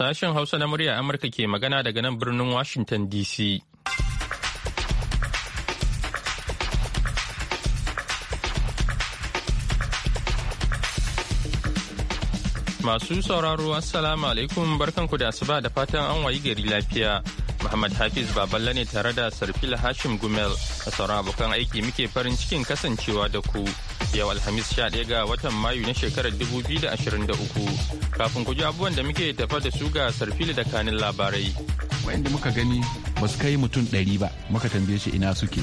Sashen Hausa na murya Amurka ke magana daga nan birnin Washington DC. Masu sauraro, Assalamu alaikum barkanku da asuba da fatan an wayi gari lafiya. Muhammad Hafiz Baballe ne tare da sarfila Hashim Gumel a sauran abokan aiki muke farin cikin kasancewa da ku. Yau Alhamis 11 ga watan Mayu na shekarar 2023. Kafin ku ji abubuwan da muke tafa da su ga Sarfil da kanin labarai. da muka gani ba su kai mutum ɗari ba, muka tambaye shi ina suke.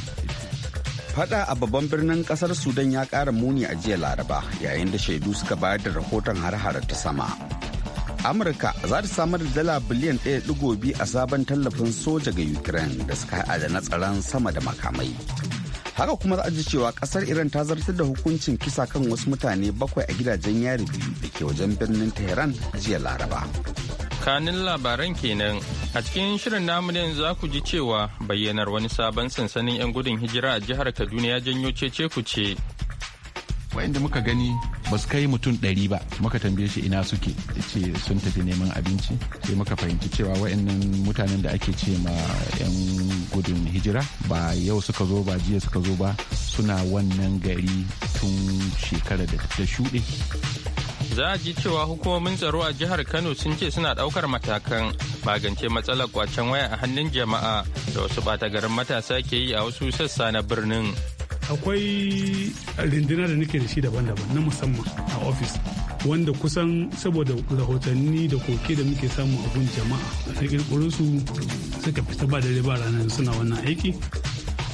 Fada a babban birnin kasar Sudan ya kara muni a jiya Laraba yayin da shaidu suka bayar da rahoton har-harar ta sama. amurka za ta samar da dala biliyan 1.2 a sabon tallafin soja ga ukraine da suka haɗa da na tsaron sama da makamai haka kuma za a ji cewa ƙasar iran ta zartar da hukuncin kisa kan wasu mutane bakwai a gidajen yari biyu da ke wajen birnin tehran jiya laraba kanin labaran kenan a cikin shirin namu ne za ku ji cewa bayyanar wani sabon sansanin 'yan gudun hijira a jihar kaduna ya janyo cece ce. wa'inda muka gani ba su kai mutum ɗari ba muka tambaye shi ina suke ce sun tafi neman abinci sai muka fahimci cewa wa'annan mutanen da ake ce ma 'yan gudun hijira ba yau suka zo ba jiya suka zo ba suna wannan gari tun shekara da shuɗe za a ji cewa hukumomin tsaro a jihar kano sun ce suna ɗaukar matakan magance matsalar kwacen waya a hannun jama'a da wasu ɓata garin matasa ke yi a wasu sassa na birnin akwai rindina da nake da shi daban-daban na musamman a ofis wanda kusan saboda rahotanni da koke da muke samu abun jama'a a cikin su suka fita ba da ba ranar suna wannan aiki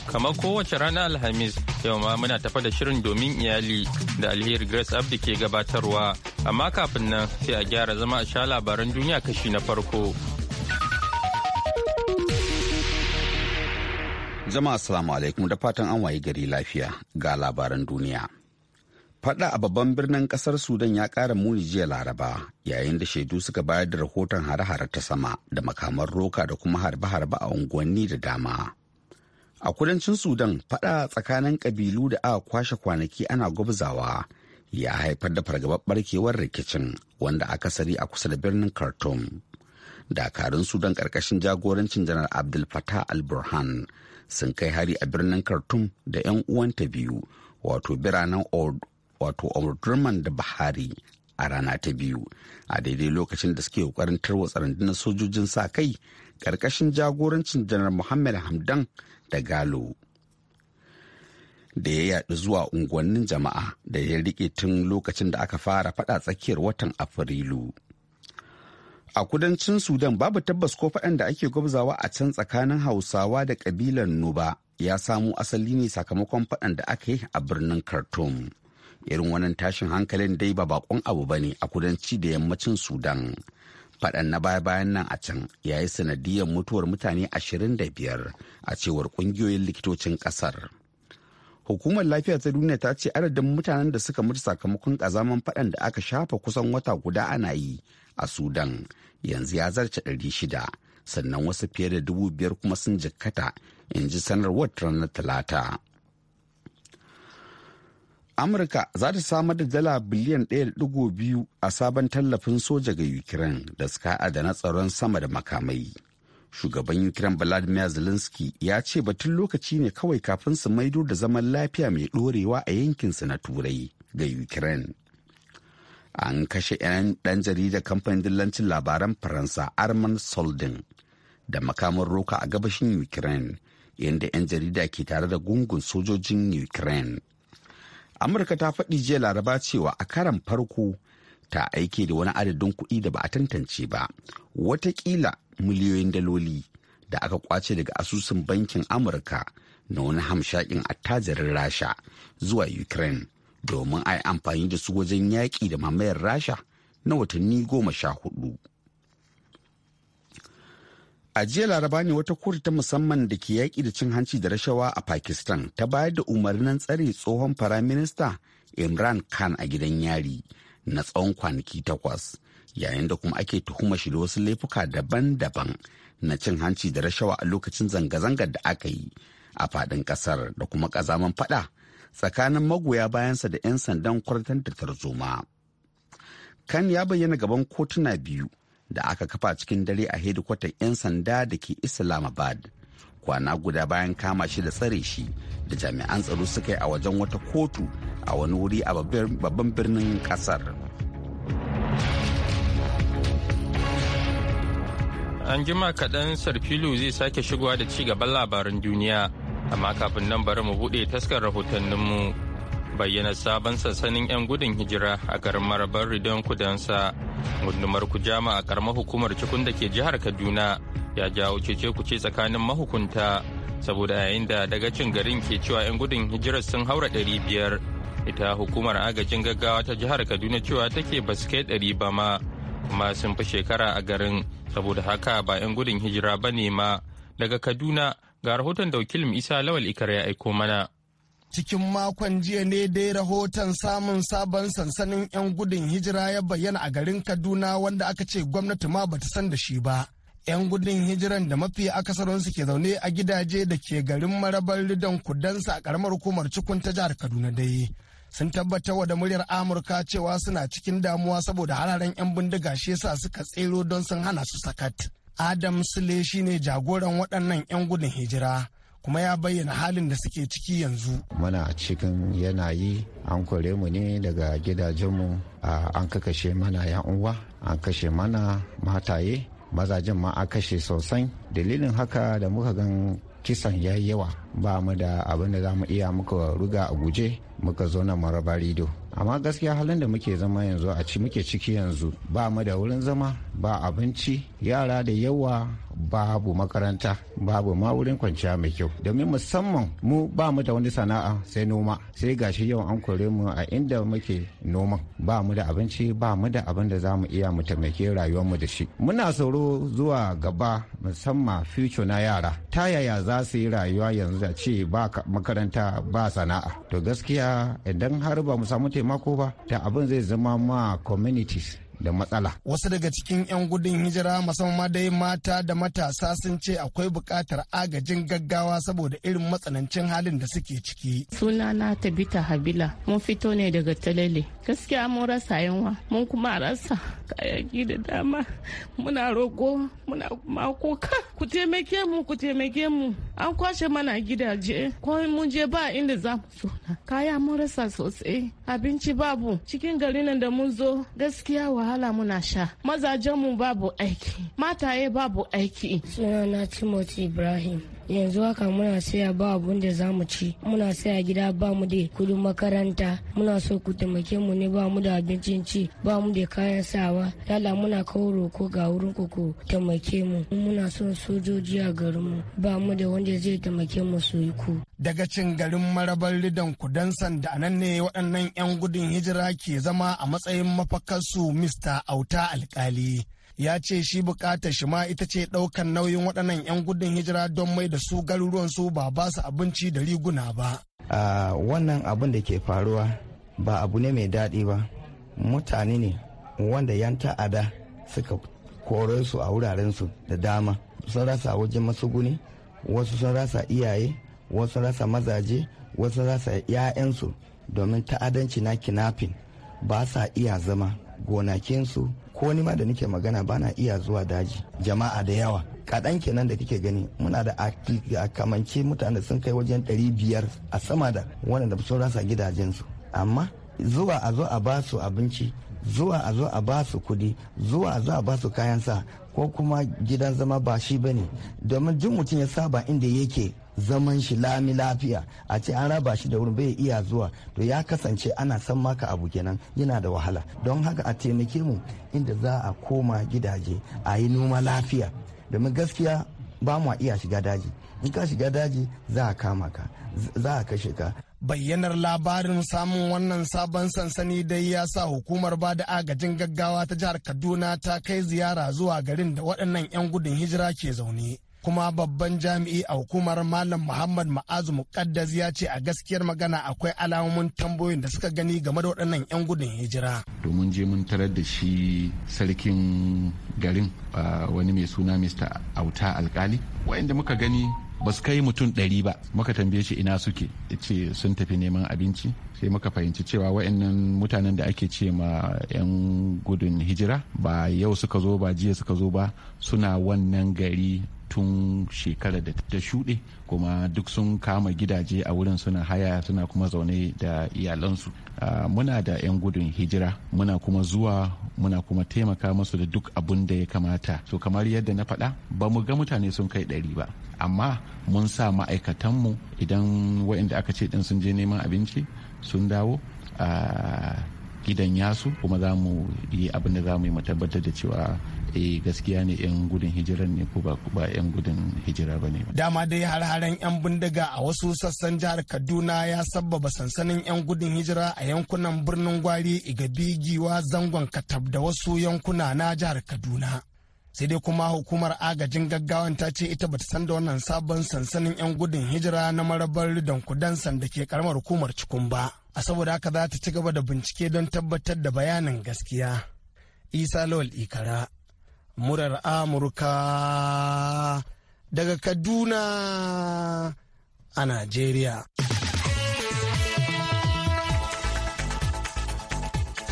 kamar kowace rana alhamis yau ma muna tafa da shirin domin iyali da alheri grace abdi ke gabatarwa amma kafin nan sai a gyara zama a sha labaran duniya kashi na farko Jama'a salamu alaikum da fatan an waye gari lafiya ga labaran duniya. Faɗa a babban birnin ƙasar Sudan ya ƙara muni jiya Laraba yayin da shaidu suka bayar da rahoton hare-hare ta sama da makaman roka da kuma harbe-harbe a unguwanni da dama. A kudancin Sudan faɗa tsakanin ƙabilu da aka kwashe kwanaki ana gwabzawa ya haifar da fargabar barkewar rikicin wanda akasari a kusa da birnin Khartoum. Dakarun Sudan ƙarƙashin jagorancin janar Abdul Fattah al-Burhan sun kai hari a birnin khartoum da 'yan uwanta biyu wato biranen wato omdurman da bahari a rana ta biyu a daidai lokacin da suke kokarin tarwatsa rundunar sojojin sa kai karkashin jagorancin janar muhammad hamdan da galo da ya yaɗu zuwa unguwannin jama'a da ya riƙe tun lokacin da aka fara faɗa tsakiyar watan afrilu a kudancin sudan babu tabbas ko faɗan da ake gwabzawa a can tsakanin hausawa da ƙabilar nuba ya samo asali ne sakamakon faɗan da aka yi a birnin khartoum irin wannan tashin hankalin dai ba bakon abu ba ne a kudanci da yammacin sudan faɗan na baya-bayan nan a can ya yi sanadiyar mutuwar mutane ashirin da biyar a cewar ƙungiyoyin likitocin ƙasar hukumar lafiya ta duniya ta ce adadin mutanen da suka mutu sakamakon ƙazaman faɗan da aka shafa kusan wata guda ana yi a Sudan yanzu ya zarce ɗari shida, sannan wasu fiye da dubu biyar kuma sun jikkata in ji sanarwar ranar talata. Amurka za ta samar da dala biliyan 1.2 a sabon tallafin soja ga Ukraine da suka da na tsaron sama da makamai. Shugaban Ukraine Vladimir Zelensky ya ce batun lokaci ne kawai kafin su maido da zaman lafiya mai dorewa a yankinsu na Turai ga Ukraine. an kashe 'yan ɗan jarida kamfanin dillancin labaran faransa arman soldin da makaman roka a gabashin ukraine yadda 'yan jarida ke tare da gungun sojojin ukraine amurka ta faɗi jiya laraba cewa a karan farko ta aike da wani adadin kuɗi da ba a tantance ba watakila miliyoyin daloli da aka kwace daga asusun bankin amurka na wani hamshakin attajirin rasha zuwa ukraine domin a yi amfani da su wajen yaƙi da mamayar rasha na watanni goma sha hudu. A jiya laraba ne wata kotu ta musamman da ke yaƙi da cin hanci da rashawa a Pakistan ta bayar da umarnin tsare tsohon firaminista Imran Khan a gidan yari na tsawon kwanaki takwas yayin da kuma ake tuhuma shi da wasu laifuka daban-daban na cin hanci da rashawa a lokacin zanga-zangar da aka yi a faɗin ƙasar da kuma ƙazaman faɗa tsakanin magoya bayansa da 'yan sandan kwartar da tarzoma. Kan ya bayyana gaban kotuna biyu da aka kafa cikin dare a hedikwatar 'yan sanda da ke Islamabad. Kwana guda bayan kama shi da tsare shi da jami'an tsaro suka yi a wajen wata kotu a wani wuri a babban birnin kasar. An jima kaɗan Sarfilu zai sake shigowa da ci gaban labaran duniya. amma kafin nan bari mu buɗe taskar rahotanninmu bayyana sabon sassanin 'yan gudun hijira a garin karamar don kudansa gundumar kujama a karamar hukumar cikun da ke jihar kaduna ya jawo cece ce tsakanin mahukunta saboda yayin da daga cin garin ke cewa 'yan gudun hijira sun haura ɗari biyar ita hukumar agajin gaggawa ta jihar kaduna cewa take ba su kai ɗari ba ma kuma sun fi shekara a garin saboda haka ba 'yan gudun hijira ba ne ma daga kaduna Ga rahoton da wakilin Isa Lawal Ikar ya aiko mana. cikin makon jiya ne dai rahoton samun sabon sansanin 'yan gudun hijira ya bayyana a garin kaduna wanda aka ce gwamnati ma bata san da shi ba 'yan gudun hijiran da mafi akasarinsu ke zaune a gidaje da ke garin marabar ridan kudansa a karamar hukumar cikun ta jihar kaduna dai sun tabbatar wa da muryar amurka cewa suna cikin damuwa saboda hararen 'yan bindiga shi yasa suka tsero don sun hana su sakat adam sule shi ne jagoran waɗannan 'yan gudun hijira kuma ya bayyana halin da suke ciki yanzu muna cikin yanayi an kore mu ne daga gidajenmu an kakashe mana 'yan uwa an kashe mana mataye mazajen ma a kashe sosai dalilin haka da muka gan kisan ya yi yawa ba mu da abin da za mu iya muka ruga a guje muka zo na maraba rido amma gaskiya halin da muke zama yanzu a ci muke ciki yanzu ba mu da wurin zama ba abinci yara da yawa babu makaranta babu ma wurin kwanciya mai kyau domin musamman mu ba mu da wani sana'a sai noma sai gashi yau an kore mu a inda muke noman ba mu da abinci ba mu da abin da za mu iya mu taimake mu da shi muna sauro zuwa gaba musamman future na yara ta yaya za su yi rayuwa yanzu da ce ba makaranta ba sana'a to gaskiya idan har ba mu samu taimako ba ta abin zai zama ma communities da matsala. Wasu daga cikin 'yan gudun hijira musamman dai mata da matasa sun ce akwai buƙatar agajin gaggawa saboda irin matsanancin halin da suke ciki. suna Sunana Tabita Habila, mun fito ne daga Talele. Gaskiya mun rasa yanwa, mun kuma rasa kayaki da dama. Muna roƙo, muna kuma kuka. Ku taimake mu, ku taimake mu. An kwashe mana gidaje, ko mun je ba inda za mu zo. Kaya mun rasa sosai, abinci babu. Cikin garin nan da mun zo, gaskiya wa wahala muna sha mazajenmu babu aiki mataye babu aiki sunana timothy ibrahim yanzu haka muna saya ba abun da za mu ci muna saya gida ba mu da kudin makaranta muna so ku taimake mu ne ba mu da abincin ci ba mu da kayan sawa lala muna kawo roko ga wurin ku ku taimake mu muna son sojoji a garin mu ba mu da wanda zai taimake mu su yi ku daga cin garin marabar ridan kudansan da anan ne waɗannan 'yan gudun hijira ke zama a matsayin mafakarsu mr auta alkali ya ce shi bukatar shi ma ita ce ɗaukan nauyin waɗannan 'yan gudun hijira don mai da su garuruwan su ba ba su abinci da riguna ba. a wannan abin da ke faruwa ba abu ne mai daɗi ba mutane ne wanda 'yan ta'ada suka kore su a wurarensu da dama sun rasa wajen masuguni wasu sun rasa iyaye wasu rasa mazaje wasu rasa 'ya'yansu domin ta'adanci na kinafin ba sa iya zama gonakinsu ko ni ma da nike magana bana iya zuwa daji jama'a da yawa kaɗan kenan da kike gani muna da akamance mutane sun kai wajen biyar a sama da da sun rasa gidajensu amma zuwa a zo a ba su abinci zuwa a zo a ba su kudi zuwa a zo a ba su kayan sa ko kuma gidan zama ba shi ba ne domin jin mutum ya saba inda yake zaman shi lami lafiya a ce an raba shi da wurin bai iya zuwa to ya kasance ana san maka abu kenan yana da wahala don haka a taimake mu inda za a koma gidaje a yi noma lafiya domin gaskiya ba mu iya shiga daji in ka shiga daji za a kama ka za a kashe ka bayyanar labarin samun wannan sabon sansani dai ya sa hukumar ba da agajin gaggawa ta jihar kaduna ta kai ziyara zuwa garin da waɗannan 'yan gudun hijira ke zaune kuma babban jami'i a hukumar malam muhammad ma'azu muqaddas ya ce a gaskiyar magana akwai alamomin tambayoyin da suka gani game da waɗannan 'yan gudun hijira domin je mun tarar da shi sarkin garin wani mai suna mr auta alkali wa'inda muka gani ba su kai mutum ɗari ba muka tambaye shi ina suke ce sun tafi neman abinci sai muka fahimci cewa wa'annan mutanen da ake ce ma 'yan gudun hijira ba yau suka zo ba jiya suka zo ba suna wannan gari tun shekara da ta shuɗe kuma duk sun kama gidaje a wurin suna haya suna kuma zaune da iyalansu muna da 'yan gudun hijira muna kuma zuwa muna kuma taimaka musu da duk abin da ya kamata to kamar yadda na faɗa ba mu ga mutane sun kai ɗari ba amma mun sa ma'aikatanmu idan waɗanda aka ce ɗin sun je neman abinci sun dawo gidan yasu kuma za mu yi abin da za mu yi matabbatar tabbatar da cewa eh gaskiya ne 'yan gudun hijirar ne ko ba 'yan gudun hijira ba ne. Dama dai har-haren 'yan bindiga a wasu sassan jihar Kaduna ya sabbaba sansanin 'yan gudun hijira a yankunan birnin Gwari, Igabi, Giwa, Zangon Katab da wasu yankuna na jihar Kaduna. sai dai kuma hukumar agajin gaggawan ta ce ita bata san da wannan sabon sansanin 'yan gudun hijira na marabar ridan kudansan da ke karamar hukumar cikin ba a saboda haka za ta ci gaba da bincike don tabbatar da bayanin gaskiya isa lawal ikara murar amurka daga kaduna a najeriya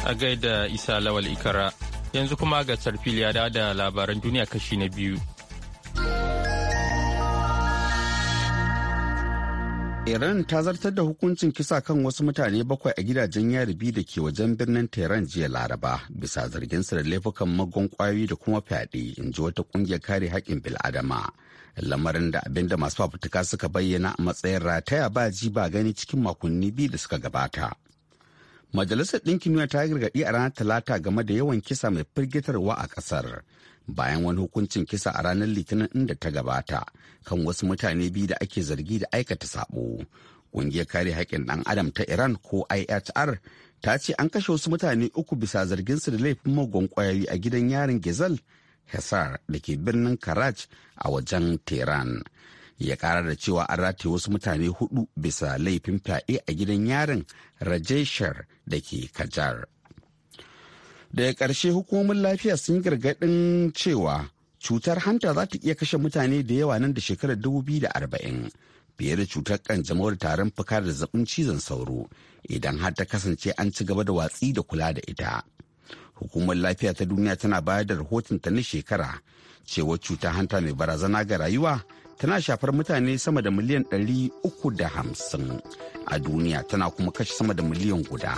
a gaida isa lawal ikara Yanzu kuma ga Sarfil ya dawo da labaran duniya kashi na biyu. Iran ta zartar da hukuncin kisa kan wasu mutane bakwai a gidajen yari biyu da ke wajen birnin Tehran jiya Laraba bisa zargin da laifukan magon kwayoyi da kuma fyaɗe in ji wata ƙungiyar kare haƙƙin bil'adama. Lamarin da abin da masu fafutuka suka bayyana a matsayin rataya ba ji ba gani cikin makonni biyu da suka gabata. Majalisar Ɗinkin Duniya ta gargaɗi a ranar Talata game da yawan kisa mai firgitarwa a ƙasar bayan wani hukuncin kisa a ranar Litinin inda ta gabata kan wasu mutane biyu da ake zargi da aikata saɓo Ƙungiyar kare haƙƙin ɗan Adam ta Iran ko IHR ta ce an kashe wasu mutane uku bisa zargin su da laifin magon ƙwayoyi a gidan yarin Gezal Hesar da ke birnin Karaj a wajen Tehran. ya kara da cewa an rataye wasu mutane hudu bisa laifin fyaɗe a gidan yarin rajeshar da ke kajar daga ƙarshe hukumomin lafiya sun yi gargaɗin cewa cutar hanta za ta iya kashe mutane da yawa nan da shekarar dubu biyu da arba'in fiye da cutar kanjamau da tarin fuka da zaɓin cizon sauro idan har ta kasance an ci gaba da watsi da kula da ita hukumar lafiya ta duniya tana bayar da rahoton ta na shekara cewa cutar hanta mai barazana ga rayuwa tana shafar mutane sama da miliyan 350 a duniya tana kuma kashe sama da miliyan guda.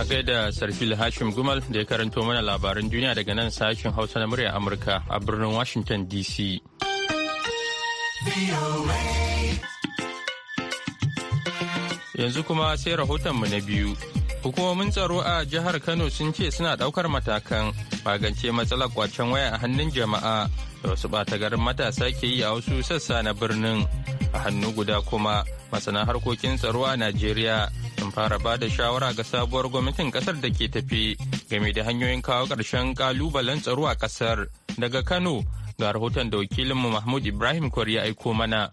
A gaida Sarfil Hashim Gumal da ya karanto mana labaran duniya daga nan sashen Hausa na murya Amurka a birnin Washington DC. Yanzu kuma sai rahotonmu na biyu. Hukumomin tsaro a jihar Kano sun ce suna ɗaukar matakan magance matsalar kwacen waya a hannun jama'a da wasu ɓata garin matasa ke yi a wasu sassa na birnin. A hannu guda kuma masana harkokin tsaro a Najeriya sun fara ba da shawara ga sabuwar gwamnatin ƙasar da ke tafi game da hanyoyin kawo ƙarshen ƙalubalen tsaro a ƙasar. Daga Kano ga rahoton da wakilinmu Mahmud Ibrahim Kwari ya aiko mana.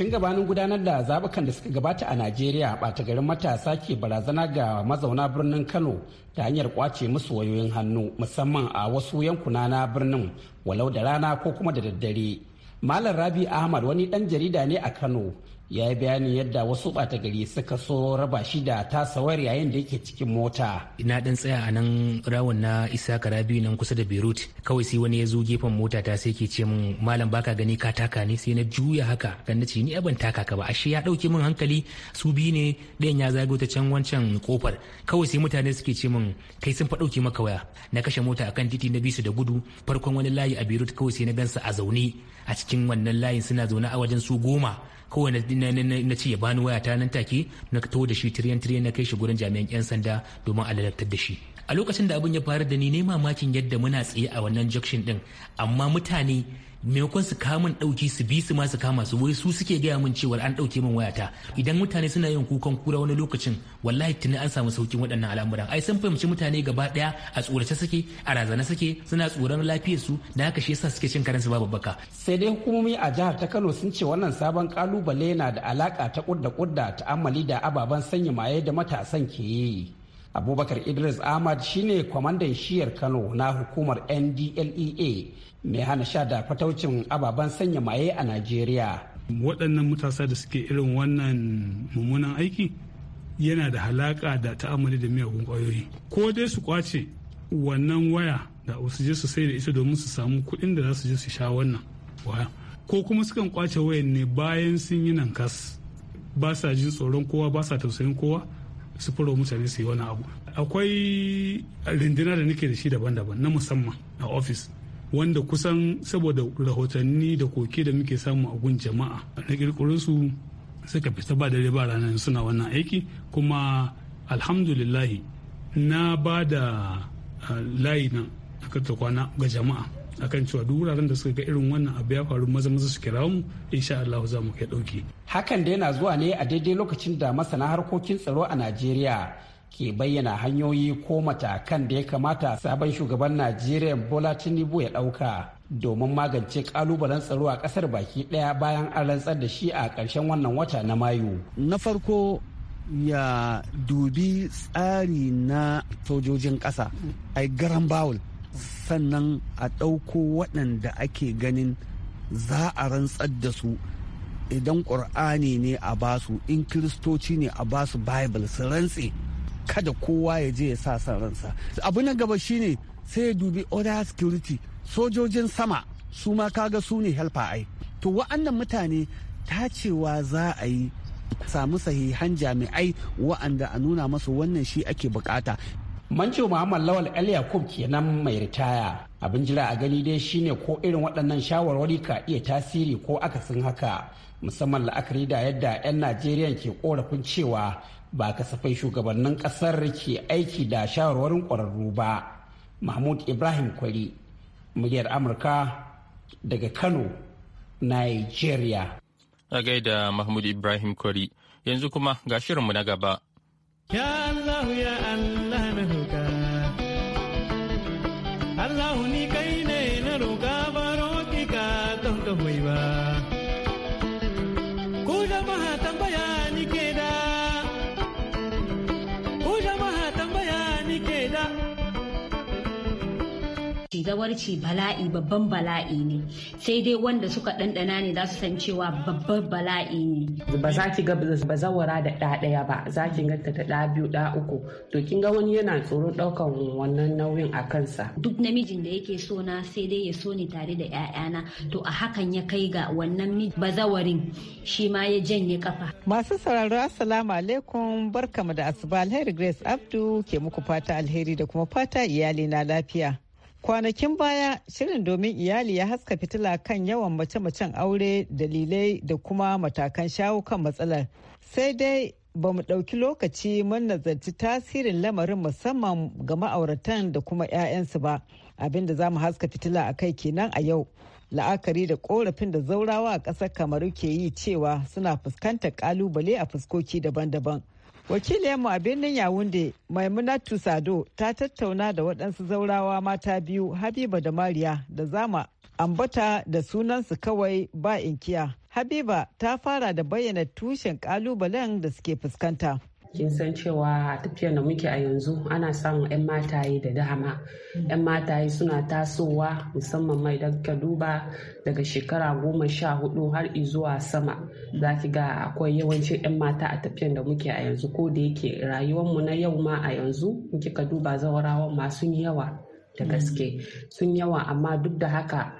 tun gabanin gudanar da zabukan da suka gabata a najeriya ɓata garin matasa ke barazana ga mazauna birnin kano ta hanyar kwace musu wayoyin hannu musamman a wasu yankuna na birnin walau da rana ko kuma da daddare malam rabi ahmad wani ɗan jarida ne a kano ya yi bayanin yadda wasu bata gari suka so raba shi da tasawar yayin da yake cikin mota. Ina dan tsaya a nan rawun na Isa Karabi nan kusa da Beirut kawai sai wani ya zo gefen mota ta sai ke ce min malam baka gani ka taka ne sai na juya haka kan na ce ni ban taka ka ba ashe ya dauke min hankali su biyu ne ɗayan ya zago ta can wancan kofar kawai sai mutane suke ce min kai sun fa dauke maka waya na kashe mota akan titi na bisu da gudu farkon wani layi a Beirut kawai sai na gansa a zaune a cikin wannan layin suna zaune a wajen su goma kowane na na ce ya bani waya ta nan take na to da shi tiriyan tiriyan na kai shi gurin jami'an yan sanda domin a lalatar da shi a lokacin da abin ya faru da ni ne mamakin yadda muna tsaye a wannan junction din amma mutane maimakon su kawo min dauki su bi su ma su kama su wai su suke gaya min cewa an dauke min wayata idan mutane suna yin kukan kura wani lokacin wallahi tuni an samu saukin waɗannan al'amuran ai sun fahimci mutane gaba daya a tsorace suke a razana suke suna tsoron lafiyar su da haka shi yasa suke cin karansu babu baka sai dai hukumomi a jihar ta Kano sun ce wannan sabon kalubale yana da alaka ta kudda kudda ta'ammali da ababen sanya maye da matasan ke yi abubakar idris ahmad shine kwamandan shiyar kano na hukumar ndlea mai hana sha da fataucin ababen sanya maye a najeriya waɗannan matasa da suke irin wannan mummunan aiki yana da halaka da ta'amali da miyagun ƙwayoyi ko dai su kwace wannan waya da su je su sai da ita domin su samu kuɗin da za su je su sha wannan waya ko kuma sukan kwace wayan ne bayan sun yi nan kas ba sa jin tsoron kowa ba sa tausayin kowa su furo mutane su yi wani abu akwai rindina da nake da shi daban-daban na musamman a ofis wanda kusan saboda rahotanni da koke da muke samu a gun jama'a na su suka fita ba dare ba ranar suna wannan aiki kuma alhamdulillahi na ba da ah, layi na akan ta kwana ga jama'a akan cewa duk wuraren da suka ga irin wannan abu ya faru maza maza su kira mu insha Allah za mu kai dauki hakan da yana zuwa ne a daidai lokacin da masana harkokin tsaro a Najeriya ke bayyana hanyoyi ko matakan da ya kamata sabon shugaban najeriya bola tinubu ya ɗauka domin magance kalubalen tsaro a ƙasar baki ɗaya bayan an rantsar da shi a ƙarshen wannan wata na mayu na farko ya dubi tsari na sojojin ƙasa a garan bawul sannan a ɗauko waɗanda ake ganin za a rantsar da su idan ƙur'ani ne a basu in kiristoci ne a basu bible su rantse kada kowa ya je ya sa san ransa abu na gaba shine sai ya dubi order security sojojin sama su ma kaga su ne helper ai to wa'annan mutane tacewa za a yi samu sahihan jami'ai wa'anda a nuna masu wannan shi ake bukata manjo muhammad lawal el yakub kenan mai ritaya abin jira a gani dai shine ko irin waɗannan shawarwari ka iya tasiri ko aka akasin haka musamman la'akari da yadda 'yan najeriya ke korafin cewa ba kasafai shugabannin kasar ke aiki da shawarwarin ƙwararru ba mahmud ibrahim kwari muryar amurka daga kano nigeria a gaida mahmud ibrahim kwari yanzu kuma ga shirinmu na gaba zawarci bala'i babban bala'i ne sai dai wanda suka ɗanɗana ne za su san cewa babban bala'i ne ba za ki ga ba zawara da ɗa ɗaya ba za ki ga da ɗa biyu ɗa uku to kin ga wani yana tsoron ɗaukan wannan nauyin a kansa duk namijin da yake so na sai dai ya so ni tare da ƴaƴana to a hakan ya kai ga wannan bazawarin shi ma ya janye kafa masu sauraro assalamu alaikum barkamu da asuba alheri grace abdu ke muku fata alheri da kuma fata iyali na lafiya Kwanakin baya shirin domin iyali ya haska fitila kan yawan mace-macen aure dalilai da kuma matakan shawo kan matsalar. Sai dai ba mu ɗauki lokaci mun nazarci tasirin lamarin musamman ga ma'auratan da kuma 'ya'yansu ba abinda za mu haska fitila a kai kenan a yau. la'akari da korafin da zaurawa a ƙasar kamaru ke yi cewa suna fuskantar kalubale a fuskoki daban-daban Wakiliyarmu a birnin Yawunde Maimunatu Sado ta tattauna da waɗansu zaurawa mata biyu Habiba da Mariya da zama ambata da sunansu kawai ba inkiya. Habiba ta fara da bayyana tushen ƙalubalen da suke fuskanta. kin san cewa a tafiyar da muke a yanzu ana samun 'yan mataye da dama 'yan mataye suna tasowa musamman mai da ka duba daga shekara goma sha hudu har zuwa sama za ki ga akwai yawancin 'yan mata a tafiyar da muke a yanzu ko da yake rayuwarmu na yau ma a yanzu in kika duba zawarawan masu yawa da gaske sun yawa amma duk da haka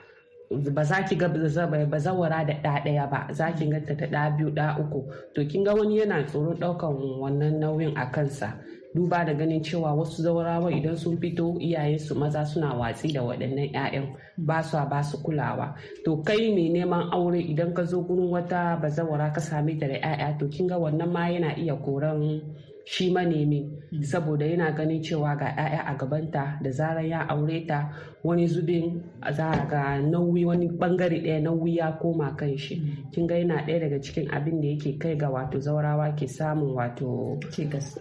ba za ki ga ba zawara da ɗa ɗaya ba za ki ganta ta ɗa biyu ɗa uku to kin ga wani yana tsoron ɗaukan wannan nauyin a kansa duba da ganin cewa wasu zaurawa idan sun fito iyayensu maza suna watsi da waɗannan 'ya'yan ba su ba su kulawa to kai mai neman aure idan ka zo gurin wata bazawara ka same da 'ya'ya to kin ga wannan ma yana iya koran shi manemi mm. saboda yana ganin cewa ga 'ya'ya a gabanta da zarar ya aure ta wani zubin za a ga nauyi wani bangare ɗaya nauyi ya koma kan shi mm. kin ga yana ɗaya daga cikin abin da yake kai ga wato zaurawa ke samun wato cikas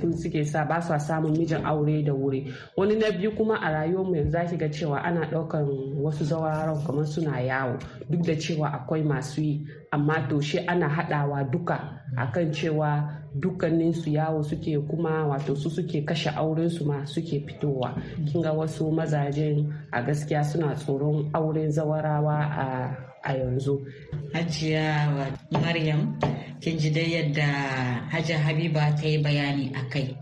kun eh, suke sa ba su samun mijin aure da wuri wani na biyu kuma a rayuwarmu yanzu za ga cewa ana ɗaukan wasu zauraron kamar suna yawo duk da cewa akwai masu yi amma to shi ana haɗawa duka mm. akan cewa dukkanin su yawo suke kuma wato su suke kashe aurensu su ma suke fitowa mm. kin ga wasu maza mazajen a gaskiya suna tsoron aure zawarawa a yanzu. Hajiya Maryam, kin ji dai yadda Hajiya Habiba ta yi bayani a kai.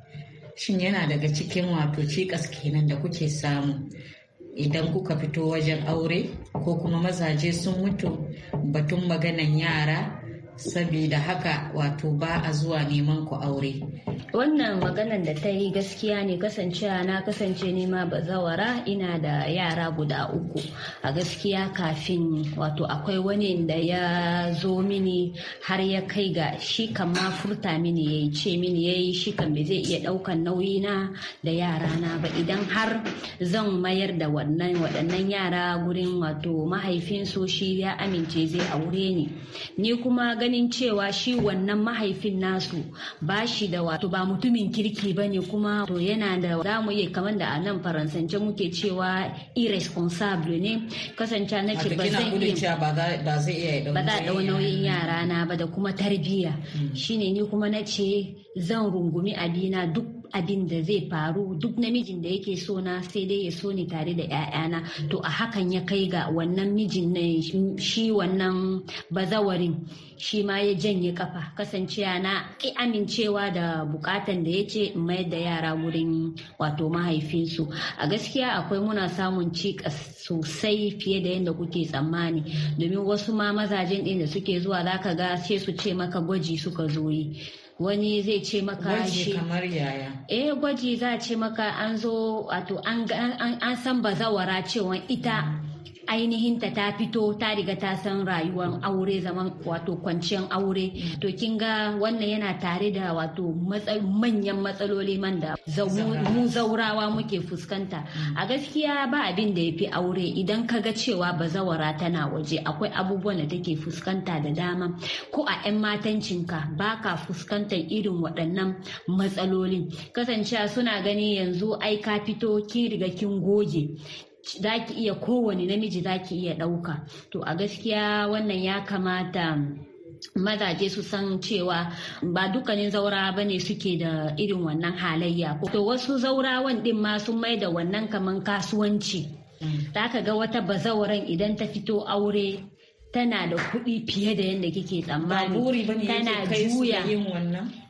Shin yana daga cikin wato cikas kenan da kuke samu idan kuka fito wajen aure ko kuma mazaje sun mutu batun maganan yara sabida haka wato ba a zuwa neman ku aure. wannan maganan da ta yi gaskiya ne kasancewa na kasance nema bazawara ina da yara guda uku a gaskiya kafin wato akwai wani da ya zo mini har ya kai ga shi kan ma furta mini ya yi ce mini ya yi shi kan zai iya daukan nauyina da yara na ba idan har zan mayar da wannan waɗannan yara gurin wato mahaifinsu shi ya amince zai aure ni ni kuma ganin cewa shi wannan mahaifin nasu ba shi da wato ba mutumin kirki ba ne kuma to yana da za mu iya kamar da a nan faransance muke cewa irresponsible ne kasance na ce ba zai iya ba za a nauyin yara na ba da kuma tarbiyya hmm. shine ni kuma na ce zan rungumi abina duk abin da zai faru duk namijin da yake so na sai dai ya so ni tare da 'ya'yana to a hakan ya kai ga wannan mijin na shi wannan bazawarin shi ma ya janye kafa kasancewa na ki amincewa da bukatan da ya ce mayar da yara wurin wato mahaifinsu a gaskiya akwai muna samun cikas sosai fiye da yadda kuke tsammani domin wasu ma mazajen ɗin da suke zuwa zaka ga sai su ce maka gwaji suka zo yi wani zai ce maka shi e gwaji za a ce maka an zo wato an san bazawara cewa ita ainihin ta ta fito ta riga ta san rayuwar aure zaman wato kwanciyar aure to kin ga wannan yana tare da wato manyan matsaloli man da mu zaurawa muke fuskanta a gaskiya ba abin da ya fi aure idan ka ga cewa bazawara tana waje akwai abubuwan da take fuskanta da dama ko a 'yan matancinka ba ka fuskantar irin waɗannan matsaloli kasancewa suna gani yanzu ai ka fito kin riga kin goge za ki iya kowane namiji za ki iya ɗauka to a gaskiya wannan ya kamata mazaje su san cewa ba dukkanin zaura ba ne suke da irin wannan halayya to wasu zaurawan ɗin ma sun mai da wannan kaman kasuwanci mm. za ka ga wata bazawaran idan ta fito aure tana da kuɗi fiye da yadda kike tsammani tana juya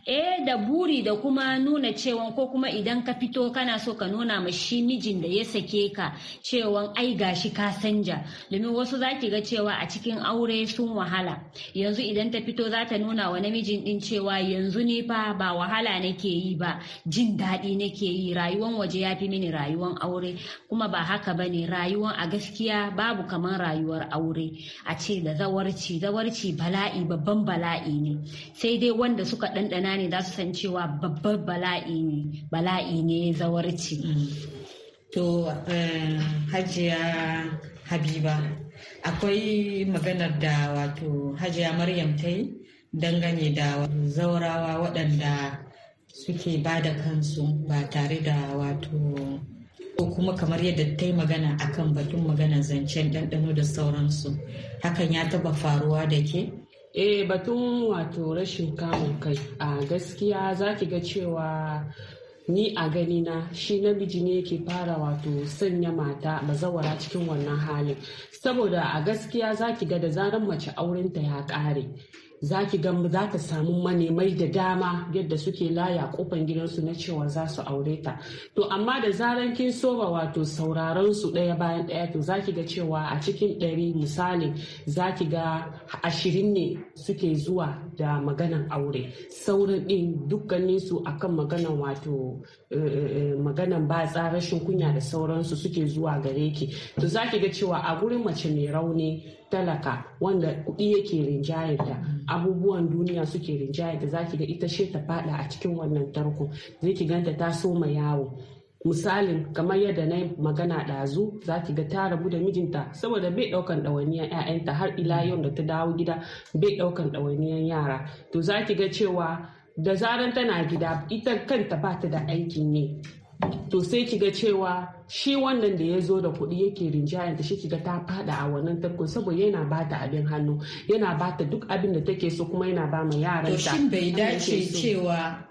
eh da buri da kuma nuna cewa ko kuma idan ka fito kana so ka nuna ma shi mijin da ya sake ka cewa ai gashi ka sanja domin wasu zaki ga cewa a cikin aure sun wahala yanzu idan ta fito za ta nuna wa namijin din cewa yanzu ne fa ba wahala nake yi ba jin daɗi nake yi rayuwan waje ya fi mini rayuwan aure kuma ba haka bane rayuwan a gaskiya babu kamar rayuwar aure a ce da zawarci zawarci bala'i babban bala'i ne sai dai wanda suka ɗanɗana ne za su san cewa babban bala'i ne bala'i ne zawarci to eh, hajiya habiba akwai maganar da wato hajiya maryam ta yi dangane da zaurawa waɗanda suke ba da kansu ba tare da wato ko kuma kamar yadda ta yi magana a kan batun magana zancen ɗanɗano da sauransu hakan ya taba faruwa da ke eh batun wato rashin kamun kai a gaskiya za ki ga cewa ni a gani na shi namiji ne ke fara wato sanya mata bazawara cikin wannan halin saboda a gaskiya za ki ga da zarar mace aurenta ya ƙare za ki ga za ka samu manemai da dama yadda suke laya kofan gidansu na cewa za su aure ta to amma da zaran kin soba wato sauraron su ɗaya bayan ɗaya to za ki ga cewa a cikin ɗari misali za ki ga ashirin ne suke zuwa da maganan aure sauran ɗin dukkanin su akan maganan wato Eh, eh, eh, maganan batsa rashin kunya da sauransu suke zuwa gare ki to za ki ga cewa a gurin mace mai rauni talaka wanda kuɗi yake rinjayarta abubuwan duniya suke rinjayarta za ki ga ita she ta faɗa a cikin wannan tarko zai ki ganta ta so ma yawo misalin kamar yadda na magana ɗazu za ki ga ta rabu da mijinta saboda bai ɗaukan ɗawainiyar 'ya'yanta har ila yau da ta dawo gida bai ɗaukan ɗawainiyar yara to za ki ga cewa da zaran tana gida ita kanta ba ta da aikin ne to sai ki ga cewa shi wannan da ya zo da kuɗi yake ta shi ki ga ta fada a wannan tarkon saboda yana ba ta abin hannu yana ba ta duk abin da take so kuma yana ba ma yaranta to shin bai dace cewa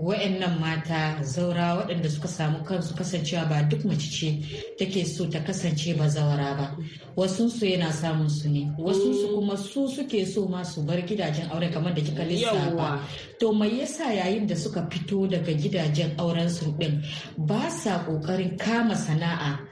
wa'annan mata zaura waɗanda suka samu kansu kasancewa ba duk mace ce take so ta kasance ba zaura ba wasu su yana samun su ne wasu su kuma su suke so ma su bar gidajen aure kamar da kika lissafa to mai yasa yayin da suka fito daga gidajen auren su din ba sa kokarin kama sana'a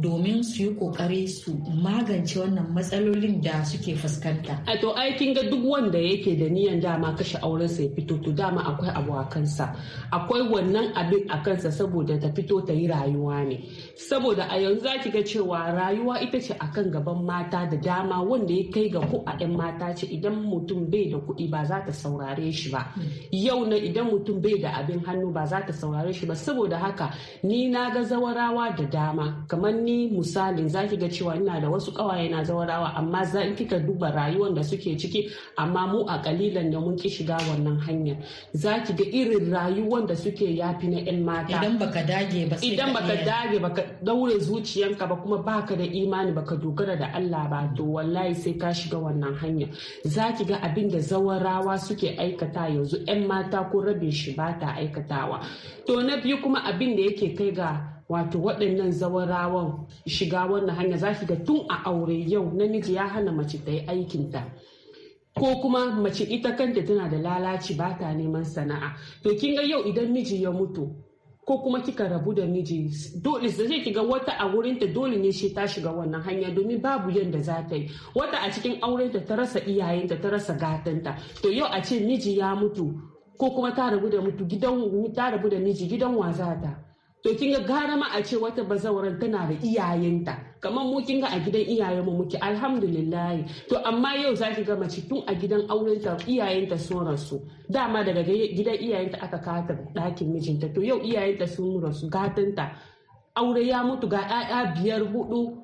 domin su yi kokari su magance wannan matsalolin da suke fuskanta. A to ai kin ga duk wanda yake da niyan dama kashe auren sa ya fito to dama akwai abu a kansa. Akwai wannan abin a kansa saboda ta fito ta yi rayuwa ne. Saboda a yanzu za ki ga cewa rayuwa ita ce akan gaban mata da dama wanda ya kai ga ko a 'yan mata ce idan mutum bai da kuɗi ba za ta saurare shi ba. Yau na idan mutum bai da abin hannu ba za ta saurare shi ba saboda haka ni na ga zawarawa da dama kamar ni misalin za ki ga cewa ina da wasu kawaye na zawarawa amma za in kika duba rayuwar da suke ciki amma mu a kalilan da mun ki shiga wannan hanyar za ki ga irin rayuwar da suke yafi na yan mata idan baka dage ba idan baka dage baka daure zuciyanka ba kuma baka da imani baka dogara da Allah ba to wallahi sai ka shiga wannan hanya za ki ga abin da zawarawa suke aikata yanzu yan mata ko rabin shi ba ta aikatawa to na biyu kuma abin da yake kai ga wato waɗannan zawarawan shiga wannan hanya za ga tun a aure yau namiji ya hana mace ta yi aikinta ko kuma mace ita kanta tana da lalaci ba ta neman sana'a to kin ga yau idan miji ya mutu ko kuma kika rabu da miji dole zai ki ga wata a wurinta dole ne shi ta shiga wannan hanya domin babu yanda za ta yi wata a cikin aurenta ta rasa iyayenta ta rasa gatanta to yau a ce miji ya mutu ko kuma ta rabu da mutu gidan ta rabu da miji gidan wa za ta to kinga gara ma a ce wata bazawaran tana da iyayenta kamar mu kinga a gidan iyayen mu muke alhamdulillah to amma yau za ki ga mace tun a gidan aurenta iyayenta sun rasu dama daga gidan iyayenta aka kata ɗakin mijinta to yau iyayenta sun rasu gatanta aure ya mutu ga 'ya'ya biyar hudu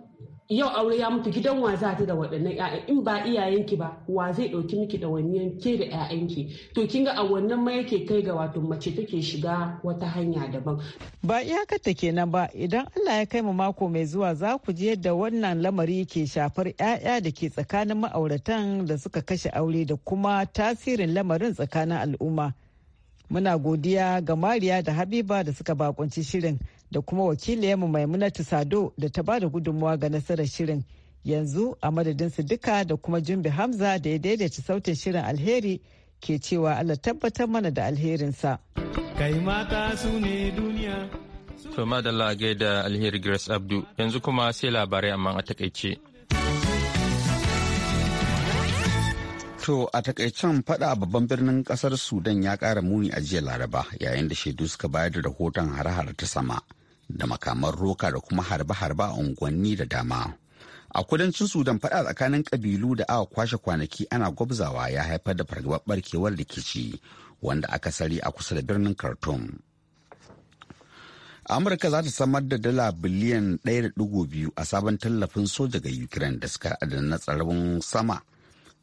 yau aure ya mutu gidan wa za ta da waɗannan ƴaƴan in ba iyayenki ba wa zai ɗauki miki wannan ke da ƴaƴan ki to kin ga a wannan ma yake kai ga wato mace take shiga wata hanya daban. ba iyakar ta kenan ba idan Allah ya kai mu mako mai zuwa za ku ji yadda wannan lamari ke shafar ƴaƴa da ke tsakanin ma'auratan da suka kashe aure da kuma tasirin lamarin tsakanin al'umma. Muna godiya ga Mariya da Habiba da suka bakunci shirin da kuma wakiliyarmu Maimunatu Sado da ta bada gudunmawa ga nasarar shirin. Yanzu a madadinsu duka da kuma Jumbe Hamza da ya daidaita sautin shirin alheri ke cewa Allah tabbatar mana da alherinsa. Kai su ne duniya. To madalla gaida alheri Grace Abdu yanzu kuma sai labarai amma a takaice. To a takaicen fada babban birnin kasar Sudan ya kara muni a jiya Laraba yayin da shaidu suka bayar da rahoton har-har ta sama da makaman roka da kuma harba-harba a unguwanni da dama. A kudancin Sudan fada tsakanin kabilu da aka kwashe kwanaki ana gwabzawa ya haifar da fargabar barkewar rikici wanda aka sari a kusa da birnin Khartoum. Amurka za ta samar da dala biliyan 1.2 a sabon tallafin soja ga Ukraine da suka adana na tsaron sama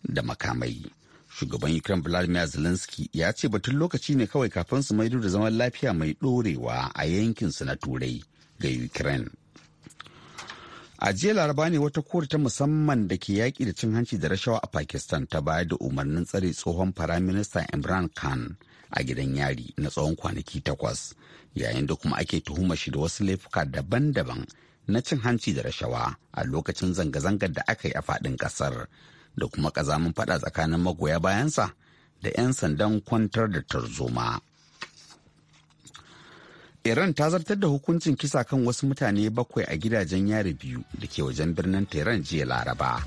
da makamai shugaban ukraine vladimir zelensky ya ce batun lokaci ne kawai kafin su maido da zaman lafiya mai ɗorewa a yankin su na turai ga ukraine a jiya laraba ne wata kori ta musamman da ke yaƙi da cin hanci da rashawa a pakistan ta bayar da umarnin tsare tsohon firaminista imran khan a gidan yari na tsawon kwanaki takwas yayin da kuma ake tuhumar shi da wasu laifuka daban-daban na cin hanci da rashawa a lokacin zanga-zangar da aka yi a faɗin ƙasar da kuma ƙazamin faɗa tsakanin magoya bayansa da 'yan sandan kwantar da tarzoma. Iran ta zartar da hukuncin kisa kan wasu mutane bakwai a gidajen yari biyu da ke wajen birnin Tehran jiya Laraba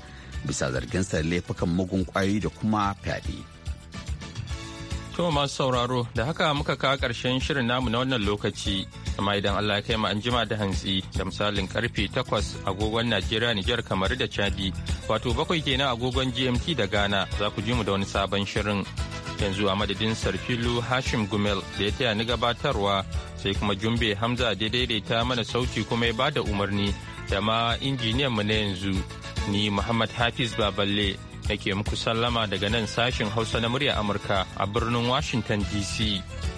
bisa zargin sa laifukan mugun kwayoyi da kuma fyaɗe. To masu sauraro da haka muka kawo ƙarshen shirin namu na wannan lokaci amma idan Allah ya kai mu an jima da hantsi da misalin karfe 8 agogon Najeriya Nijar kamar da Chadi wato bakwai kenan agogon GMT da Ghana za ku ji mu da wani sabon shirin yanzu a madadin Sarfilu Hashim Gumel da ya taya ni gabatarwa sai kuma Jumbe Hamza da daidaita mana sauti kuma ya bada umarni da ma injiniyan mu na yanzu ni Muhammad Hafiz Baballe nake muku sallama daga nan sashin Hausa na murya Amurka a birnin Washington DC.